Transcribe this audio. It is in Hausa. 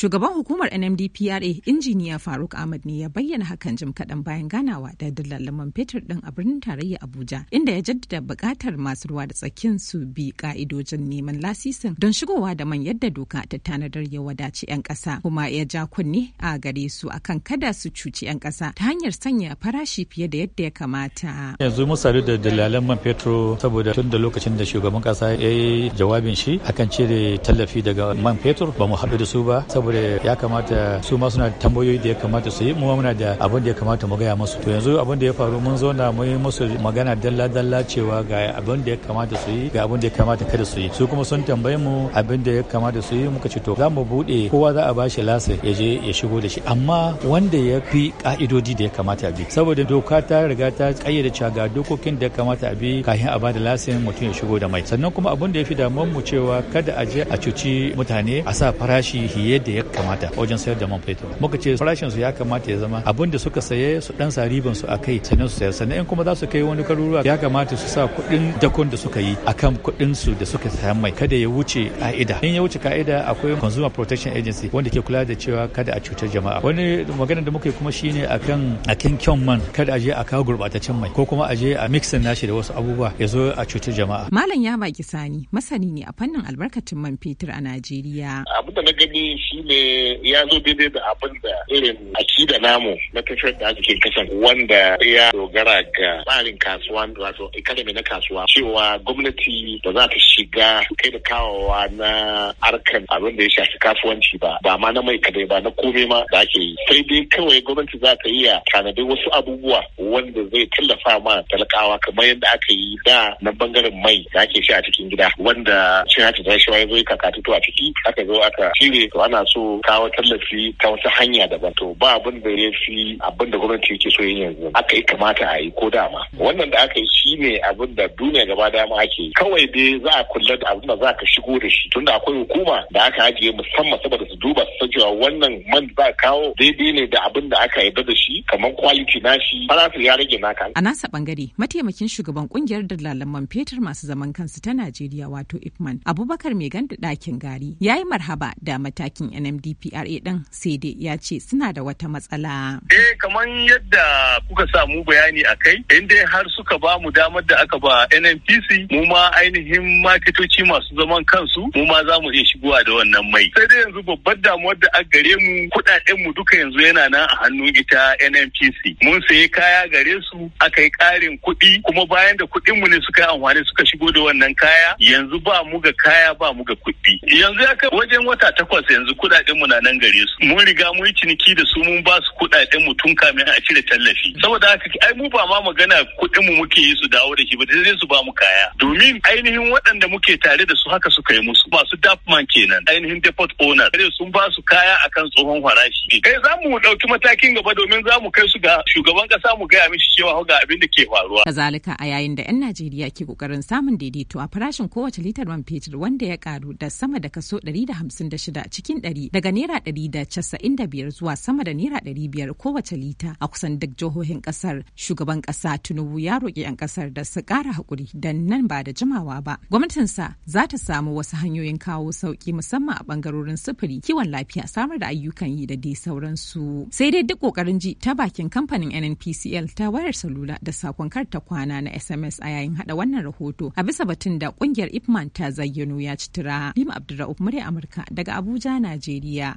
Shugaban hukumar NMDPRA injiniya Faruk Ahmad ne ya bayyana hakan jim kaɗan bayan ganawa da dillalin man fetur ɗin a birnin tarayya Abuja inda ya jaddada buƙatar masu ruwa da tsakin su bi ka'idojin neman lasisin don shigowa da man yadda doka ta tanadar ya wadaci 'yan ƙasa kuma ya ja kunne a gare su akan kada su cuci 'yan ƙasa ta hanyar sanya farashi fiye da yadda ya kamata. Yanzu mun sadu da dillalan man fetur saboda tun da lokacin da shugaban ƙasa ya yi jawabin shi akan cire tallafi daga man fetur ba mu haɗu da su ba saboda saboda ya kamata su ma suna tambayoyi da ya kamata su yi mu muna da abin da ya kamata mu gaya musu to yanzu abin da ya faru mun zauna mu yi musu magana dalla dalla cewa ga abin da ya kamata su yi ga abin da ya kamata kada su yi su kuma sun tambaye mu abin da ya kamata su yi muka ce to za mu bude kowa za a bashi lasa ya je ya shigo da shi amma wanda ya fi ka'idodi da ya kamata bi saboda doka ta riga ta kayyade cewa ga dokokin da ya kamata a bi kafin a bada lasin mutum ya shigo da mai sannan kuma abin da ya fi damuwar mu cewa kada a je a cuci mutane a sa farashi hiye da ya kamata wajen sayar da man fetur muka ce farashin su ya kamata ya zama abin da suka saye su dan sa riban su akai sannan su sayar sannan in kuma za su kai wani karuruwa ya kamata su sa kuɗin dakon da suka yi akan kuɗin su da suka sayan mai kada ya wuce ka'ida in ya wuce ka'ida akwai consumer protection agency wanda ke kula da cewa kada a cutar jama'a wani magana da muka yi kuma shine akan akan kyon man kada a je a kawo gurbataccen mai ko kuma a je a mixin nashi da wasu abubuwa ya zo a cutar jama'a malam ya baki sani masani ne a fannin albarkatun man fetur a Najeriya abu da gani shine ne ya zo daidai da abin da irin akida namu na tafiyar da arzikin kasan wanda ya dogara ga tsarin kasuwa wato economy na kasuwa cewa gwamnati ba za ta shiga kai da kawowa na harkan abin da ya shafi kasuwanci ba ba ma na mai kadai ba na komai ma da ake yi sai dai kawai gwamnati za ta iya tanadi wasu abubuwa wanda zai tallafa ma talakawa kamar yadda aka yi da na bangaren mai da ake sha a cikin gida wanda cin hati da rashawa ya zo kakatutu a ciki aka zo aka cire to ana so so kawo tallafi ta wasu hanya daban to ba abin da ya fi abin da gwamnati yake so yin yanzu aka yi kamata a yi ko dama wannan da aka yi shi ne abin da duniya gaba dama ake kawai dai za a kula da abin da za ka shigo da shi tunda akwai hukuma da aka ajiye musamman saboda su duba su san cewa wannan man za a kawo daidai ne da abin da aka yi, da shi kamar kwaliti na shi farashin ya rage naka a nasa bangare mataimakin shugaban kungiyar dalalan man fetur masu zaman kansu ta Najeriya wato Ipman Abubakar Megan da dakin gari yi marhaba da matakin mutanen ɗin sai dai ya ce suna da wata matsala eh kamar yadda kuka samu bayani a kai inda har suka ba mu damar da aka ba nnpc mu ma ainihin maketoci masu zaman kansu mu ma za mu iya shigowa da wannan mai sai dai yanzu babbar damuwar da aka gare mu kuɗaɗen mu duka yanzu yana nan a hannun ita nnpc mun sayi kaya gare su aka yi ƙarin kuɗi kuma bayan da kuɗin mu ne suka yi amfani suka shigo da wannan kaya yanzu ba mu ga kaya ba mu ga kuɗi yanzu ya kai wajen wata takwas yanzu kuɗaɗen mu na nan gare su mun riga mun yi ciniki da su mun ba su kuɗaɗen mu tun kamin a cire tallafi saboda haka ai mu ba ma magana kuɗin mu muke yi su dawo da shi ba sai su ba mu kaya domin ainihin waɗanda muke tare da su haka suka yi musu masu dapman kenan ainihin depot owners sai sun ba su kaya akan tsohon farashi kai za mu ɗauki matakin gaba domin za mu kai su ga shugaban ƙasa mu gaya mishi cewa ga abin da ke faruwa kazalika a yayin da 'yan Najeriya ke kokarin samun daidaito a farashin kowace litar man fetur wanda ya karu da sama da kaso 156 cikin 100 daga naira 195 zuwa sama da naira 500 kowace walita a kusan duk jihohin kasar shugaban kasa tinubu ya roƙi 'yan kasar da su ƙara haƙuri dan nan ba da jimawa ba gwamnatinsa za ta samu wasu hanyoyin kawo sauƙi musamman a ɓangarorin sufuri kiwon lafiya samar da ayyukan yi da dai sauransu sai dai duk ƙoƙarin ji ta bakin kamfanin nnpcl ta wayar salula da sakon kar ta kwana na sms a yayin hada wannan rahoto a bisa batun da ƙungiyar ipman ta zayyano ya ci tura lima abdulra'uf murya amurka daga abuja najeriya